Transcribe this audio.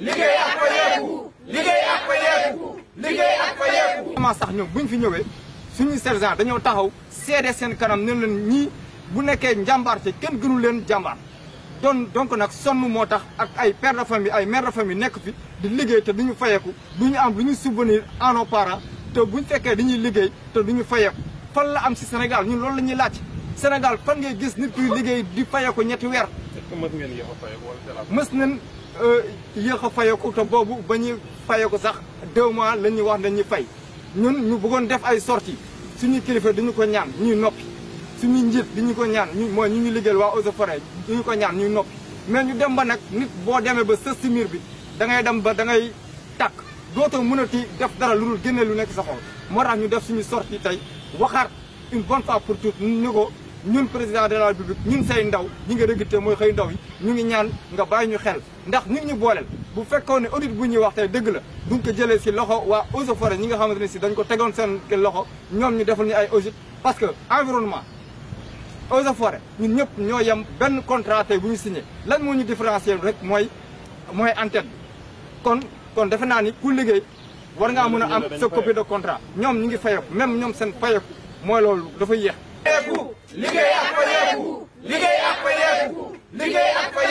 liggéey ak fa yeeku liggéey ak fa yeeku liggéey ak fa yeeku vraiment sax ñoom buñ fi ñëwee suñu sergent dañoo taxaw seede seen kanam ne leen ñii bu nekkee njàmbaar te kenn gënu leen jàmbaar don donc nag sonn moo tax ak ay père de famille ay mère de famille nekk fi di liggéey te duñu fayeeku duñu am lu ñu souvenir à nos parents te buñu fekkee dañuy liggéey te duñu fayeeku fan la am si Sénégal ñun loolu la ñuy laaj Sénégal fan ngay gis nit kuy liggéey di fayeeku ñetti weer est-ce que mës ngeen yéex a fayeeku wala mës nañ euh, yéex a fayeeku te boobu ba ñuy fayeeku sax deux mois la ñuy wax dañuy fay ñun ñu buggoon def ay sorties suñu kilifa dañu ko ñaan ñuy noppi suñuy njiit ñu ko ñaan ñu mooy ñu ñu liggéeyal waa eaux et ñu ko ñaan ñu noppi mais ñu dem ba nag nit boo demee ba sës si bi da ngay dem ba da ngay tàkk dootoo mënati def dara lu dul génne lu nekk sa xol moo tax ñu def suñu sortie tey waxaat une bonne fois pour ñu ko ñun président de la république ñun say ndaw ñi nga recruté mooy xëy ndaw yi ñu ngi ñaan nga bàyyi ñu xel ndax ñu ngi ñu booleel bu fekkoon ne bu ñuy wax tey dëgg la duñ jëlee si loxo waa eaux et ñi nga xamante ne si dañ ko tegoon seen loxo ñoom ñu defal ñu ay audit parce que environnement eaux et ñun ñëpp ñoo yem benn contrat bu ñu signé lan moo ñu différencier rek mooy mooy antenne kon kon defe naa ni ku liggéey war ngaa mën a am sa copie de contrat ñoom ñu ngi fayok même ñoom seen fayok mooy loolu dafa yéex liggéey ak fa yeeku liggéey ak fa yeeku liggéey ak fa